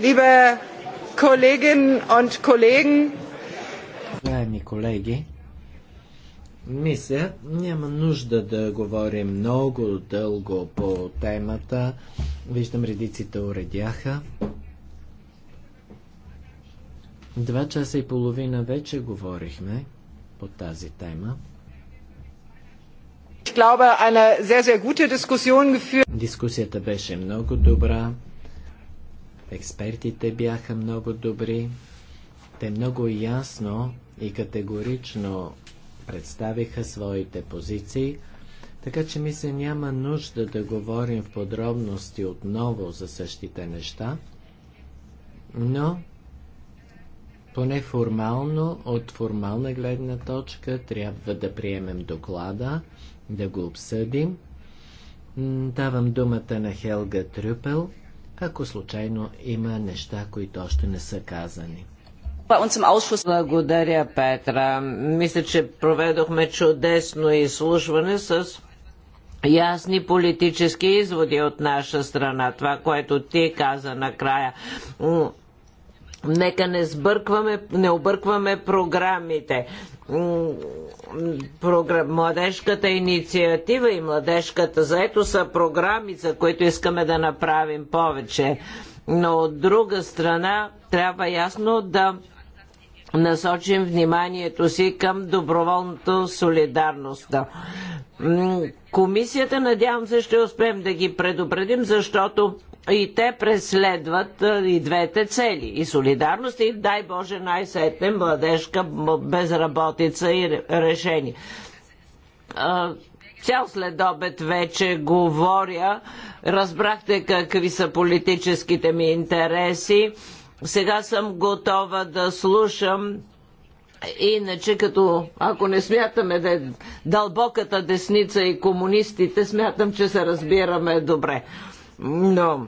liebe Kolleginnen und Kollegen. Уважаеми колеги, мисля, няма нужда да говорим много дълго по темата. Виждам, редиците уредяха. Два часа и половина вече говорихме по тази тема. Дискусията беше много добра. Експертите бяха много добри. Те много ясно и категорично представиха своите позиции, така че ми се няма нужда да говорим в подробности отново за същите неща, но поне формално, от формална гледна точка, трябва да приемем доклада, да го обсъдим. Давам думата на Хелга Трюпел ако случайно има неща, които още не са казани. Благодаря, Петра. Мисля, че проведохме чудесно изслушване с ясни политически изводи от наша страна. Това, което ти каза накрая Нека не сбъркваме, не объркваме програмите. Младежката инициатива и младежката заето са програми, за които искаме да направим повече. Но от друга страна трябва ясно да насочим вниманието си към доброволната солидарност. Комисията, надявам се, ще успеем да ги предупредим, защото и те преследват и двете цели. И солидарност, и дай Боже най-сетне младежка безработица и решение. Цял след обед вече говоря. Разбрахте какви са политическите ми интереси. Сега съм готова да слушам Иначе, като ако не смятаме да е дълбоката десница и комунистите, смятам, че се разбираме добре. Но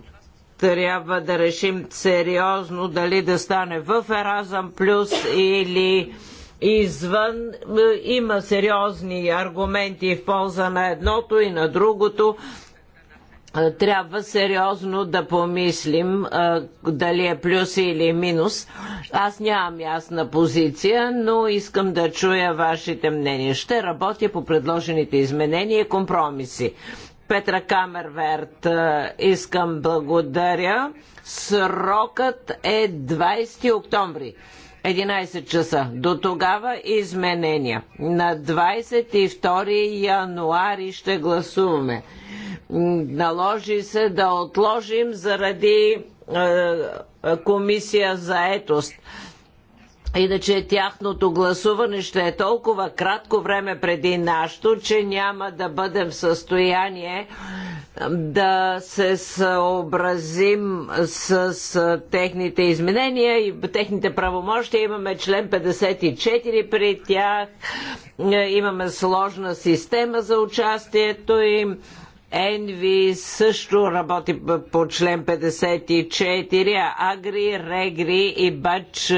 трябва да решим сериозно дали да стане в Еразъм Плюс или извън. Има сериозни аргументи в полза на едното и на другото. Трябва сериозно да помислим дали е плюс или минус. Аз нямам ясна позиция, но искам да чуя вашите мнения. Ще работя по предложените изменения и компромиси. Петра Камерверт. Искам благодаря. Срокът е 20 октомври. 11 часа. До тогава изменения. На 22 януари ще гласуваме. Наложи се да отложим заради комисия за етост. Иначе тяхното гласуване ще е толкова кратко време преди нашето, че няма да бъдем в състояние да се съобразим с техните изменения и техните правомощия. Имаме член 54 при тях, имаме сложна система за участието им. Енви също работи по член 54, а Агри, Регри и Бач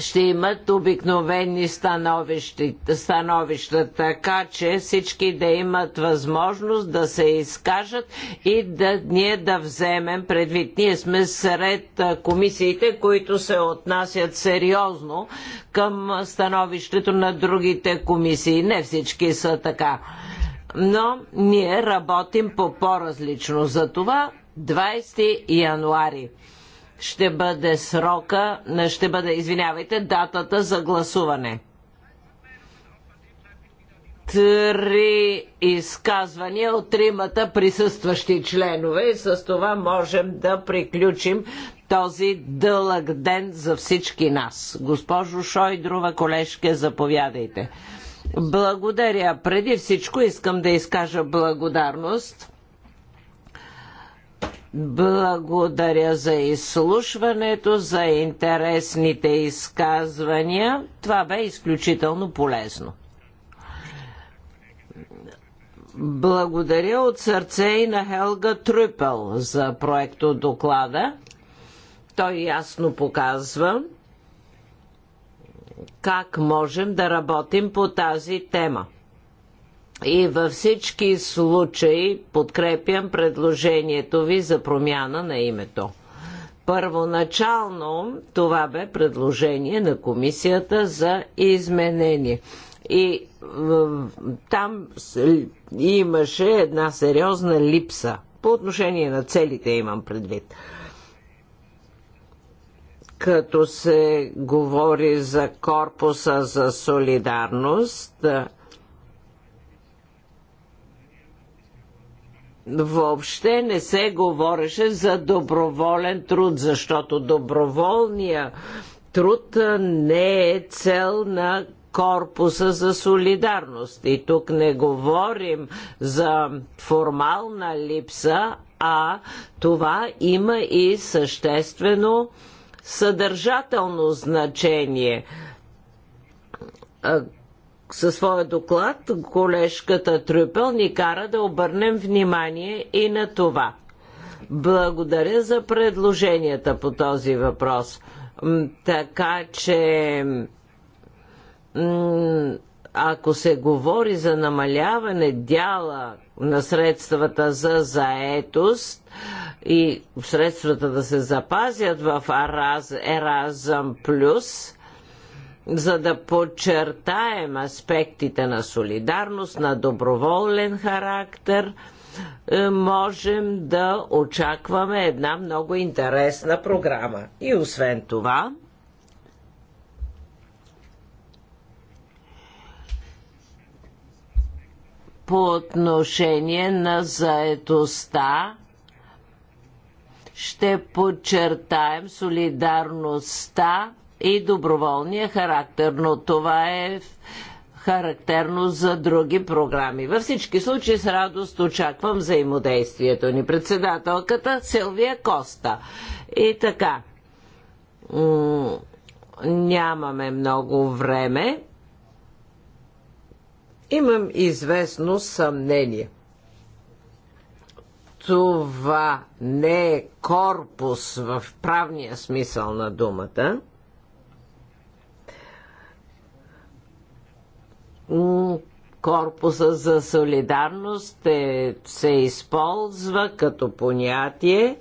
ще имат обикновени становища, становища, така че всички да имат възможност да се изкажат и да ние да вземем предвид. Ние сме сред комисиите, които се отнасят сериозно към становището на другите комисии. Не всички са така. Но ние работим по по-различно. Затова 20 януари ще бъде срока, ще бъде, извинявайте, датата за гласуване. Три изказвания от тримата присъстващи членове и с това можем да приключим този дълъг ден за всички нас. Госпожо Шойдрова, колежке, заповядайте. Благодаря. Преди всичко искам да изкажа благодарност благодаря за изслушването, за интересните изказвания. Това бе изключително полезно. Благодаря от сърце и на Хелга Трюпел за проекто доклада. Той ясно показва как можем да работим по тази тема. И във всички случаи подкрепям предложението ви за промяна на името. Първоначално това бе предложение на комисията за изменение. И там имаше една сериозна липса. По отношение на целите имам предвид като се говори за корпуса за солидарност, въобще не се говореше за доброволен труд, защото доброволния труд не е цел на корпуса за солидарност. И тук не говорим за формална липса, а това има и съществено съдържателно значение със своя доклад колежката Трюпел ни кара да обърнем внимание и на това. Благодаря за предложенията по този въпрос. Така че ако се говори за намаляване дяла на средствата за заетост и средствата да се запазят в Еразъм Плюс, за да подчертаем аспектите на солидарност, на доброволен характер, е, можем да очакваме една много интересна програма. И освен това, по отношение на заетостта, ще подчертаем солидарността и доброволния характер, но това е характерно за други програми. Във всички случаи с радост очаквам взаимодействието ни. Председателката Силвия Коста. И така. нямаме много време. Имам известно съмнение. Това не е корпус в правния смисъл на думата корпуса за солидарност е, се използва като понятие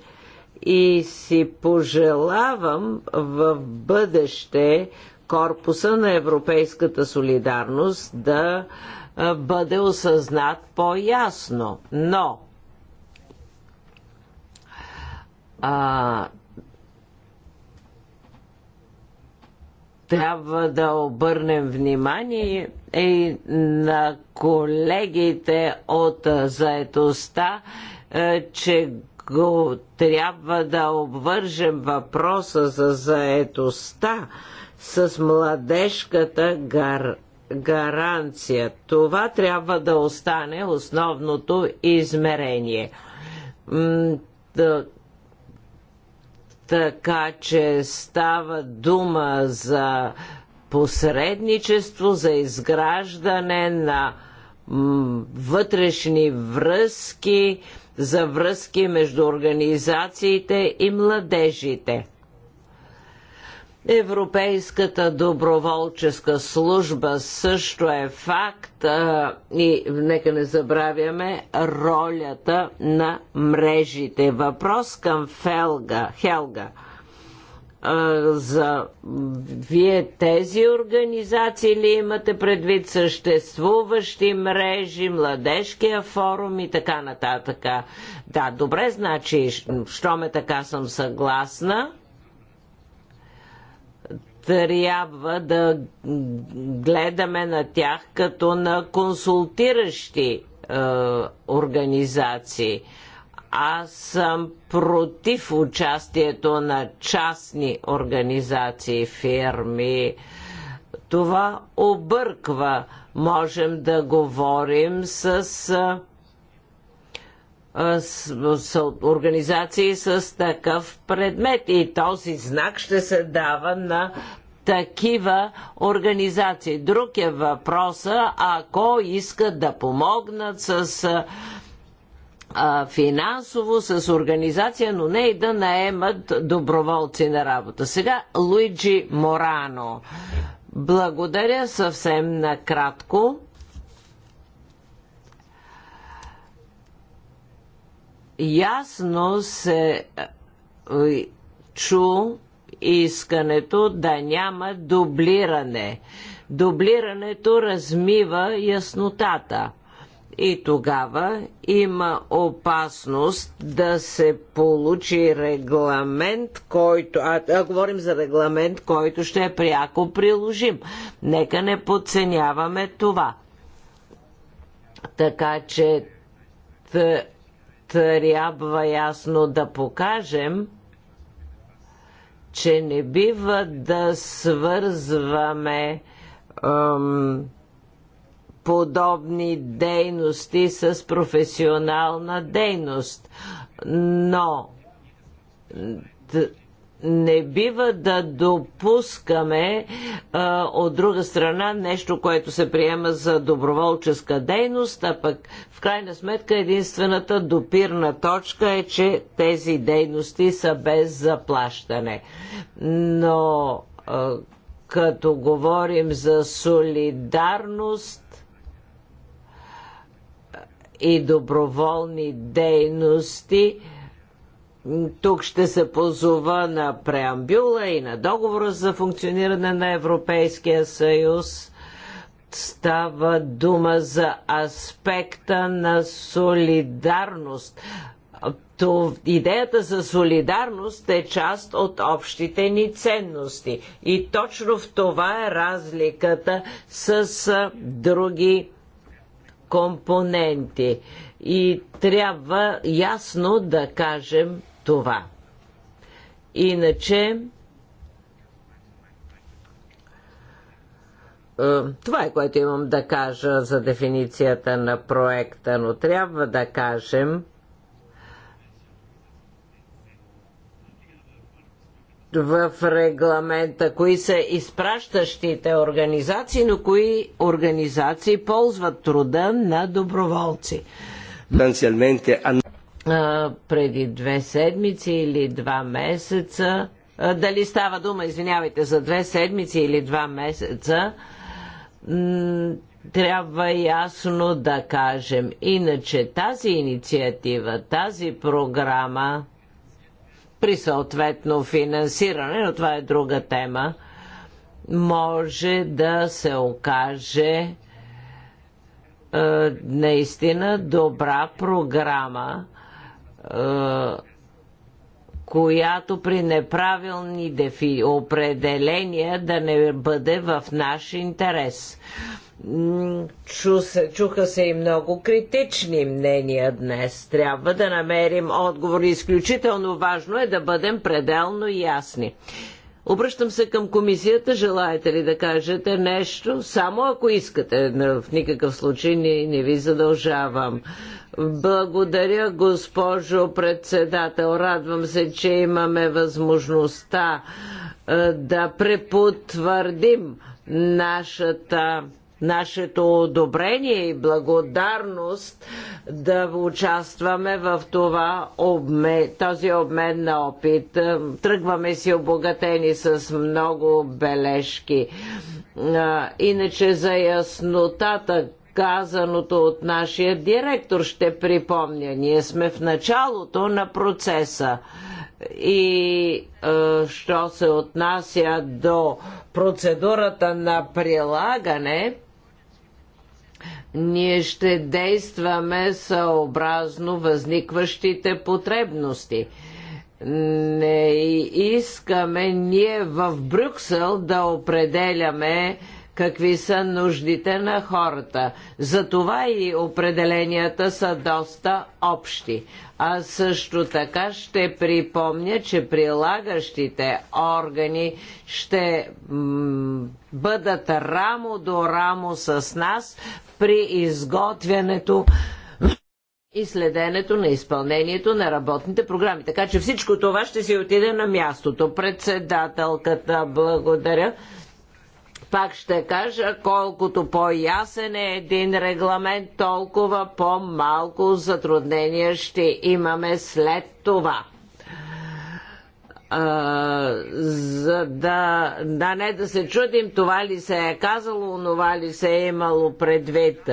и си пожелавам в бъдеще корпуса на европейската солидарност да бъде осъзнат по-ясно. Но а, трябва да обърнем внимание и на колегите от заетостта, е, че го трябва да обвържем въпроса за заетостта с младежката гар... гаранция. Това трябва да остане основното измерение така че става дума за посредничество, за изграждане на вътрешни връзки, за връзки между организациите и младежите. Европейската доброволческа служба също е факт а, и нека не забравяме ролята на мрежите. Въпрос към Фелга, Хелга. А, за вие тези организации ли имате предвид съществуващи мрежи, младежкия форум и така нататък? Да, добре, значи, щом е така съм съгласна трябва да гледаме на тях като на консултиращи е, организации. Аз съм против участието на частни организации, фирми. Това обърква. Можем да говорим с е, са организации с такъв предмет. И този знак ще се дава на такива организации. Друг е въпроса, ако искат да помогнат с а, финансово, с организация, но не и да наемат доброволци на работа. Сега Луиджи Морано. Благодаря съвсем накратко ясно се е, чу искането да няма дублиране. Дублирането размива яснотата. И тогава има опасност да се получи регламент, който. А, а говорим за регламент, който ще е пряко приложим. Нека не подценяваме това. Така че трябва ясно да покажем, че не бива да свързваме ем, подобни дейности с професионална дейност. Но не бива да допускаме а, от друга страна нещо, което се приема за доброволческа дейност, а пък в крайна сметка единствената допирна точка е, че тези дейности са без заплащане. Но а, като говорим за солидарност, и доброволни дейности, тук ще се позова на преамбюла и на договора за функциониране на Европейския съюз. Става дума за аспекта на солидарност. То, идеята за солидарност е част от общите ни ценности. И точно в това е разликата с други компоненти. И трябва ясно да кажем това. Иначе е, това е което имам да кажа за дефиницията на проекта, но трябва да кажем, в регламента, кои са изпращащите организации, но кои организации ползват труда на доброволци преди две седмици или два месеца, дали става дума, извинявайте, за две седмици или два месеца, трябва ясно да кажем. Иначе тази инициатива, тази програма, при съответно финансиране, но това е друга тема, може да се окаже е, наистина добра програма, е, която при неправилни дефи, определения да не бъде в наш интерес. Чу се, чуха се и много критични мнения днес. Трябва да намерим отговор. Изключително важно е да бъдем пределно ясни. Обръщам се към комисията, желаете ли да кажете нещо, само ако искате, в никакъв случай не, не ви задължавам. Благодаря, госпожо председател. Радвам се, че имаме възможността е, да препотвърдим нашата нашето одобрение и благодарност да участваме в това обме, този обмен на опит. Тръгваме си обогатени с много бележки. Иначе за яснотата, казаното от нашия директор, ще припомня. Ние сме в началото на процеса. И е, що се отнася до процедурата на прилагане, ние ще действаме съобразно възникващите потребности. Не искаме ние в Брюксел да определяме какви са нуждите на хората. Затова и определенията са доста общи. А също така ще припомня, че прилагащите органи ще бъдат рамо до рамо с нас при изготвянето и следенето на изпълнението на работните програми. Така че всичко това ще си отиде на мястото. Председателката, благодаря. Пак ще кажа, колкото по-ясен е един регламент, толкова по-малко затруднения ще имаме след това а, за да, да не да се чудим това ли се е казало, онова ли се е имало предвид.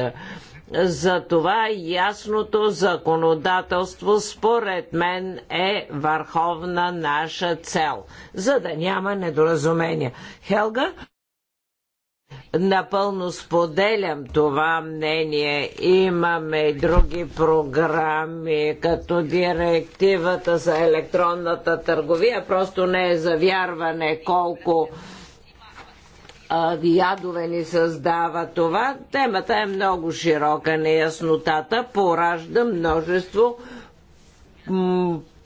За това ясното законодателство според мен е върховна наша цел, за да няма недоразумения. Хелга? Напълно споделям това мнение. Имаме и други програми, като директивата за електронната търговия. Просто не е за вярване колко ядове ни създава това. Темата е много широка. Неяснотата поражда множество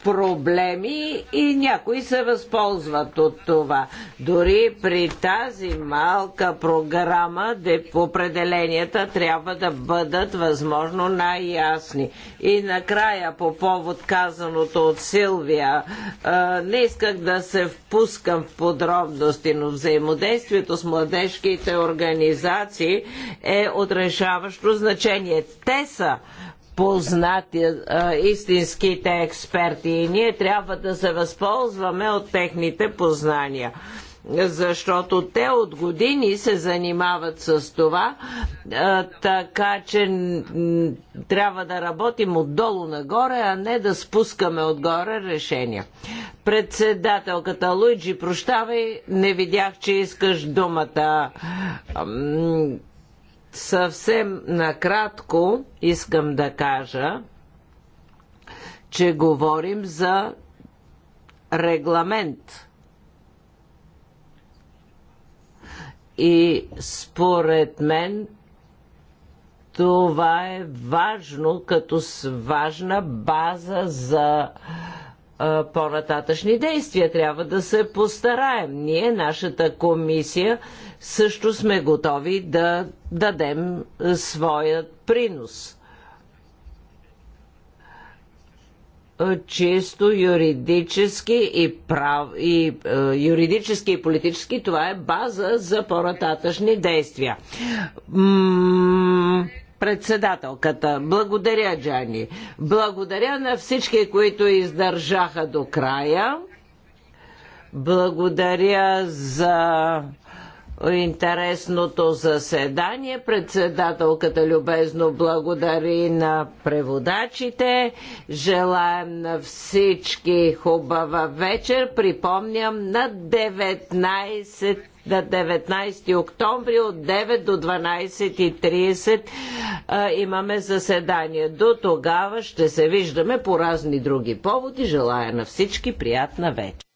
проблеми и някои се възползват от това. Дори при тази малка програма определенията трябва да бъдат възможно най-ясни. И накрая по повод казаното от Силвия, не исках да се впускам в подробности, но взаимодействието с младежките организации е отрешаващо значение. Те са познати истинските експерти и ние трябва да се възползваме от техните познания защото те от години се занимават с това, така че трябва да работим отдолу нагоре, а не да спускаме отгоре решения. Председателката Луиджи, прощавай, не видях, че искаш думата. Съвсем накратко искам да кажа, че говорим за регламент. И според мен това е важно като важна база за по-нататъчни действия. Трябва да се постараем. Ние, нашата комисия, също сме готови да дадем е, своят принос. Е, чисто юридически и, прав, и е, юридически и политически, това е база за по-нататъчни действия. М- председателката. Благодаря, Джани. Благодаря на всички, които издържаха до края. Благодаря за интересното заседание. Председателката любезно благодари на преводачите. Желаем на всички хубава вечер. Припомням на 19 на 19 октомври от 9 до 12.30 имаме заседание. До тогава ще се виждаме по разни други поводи. Желая на всички приятна вечер.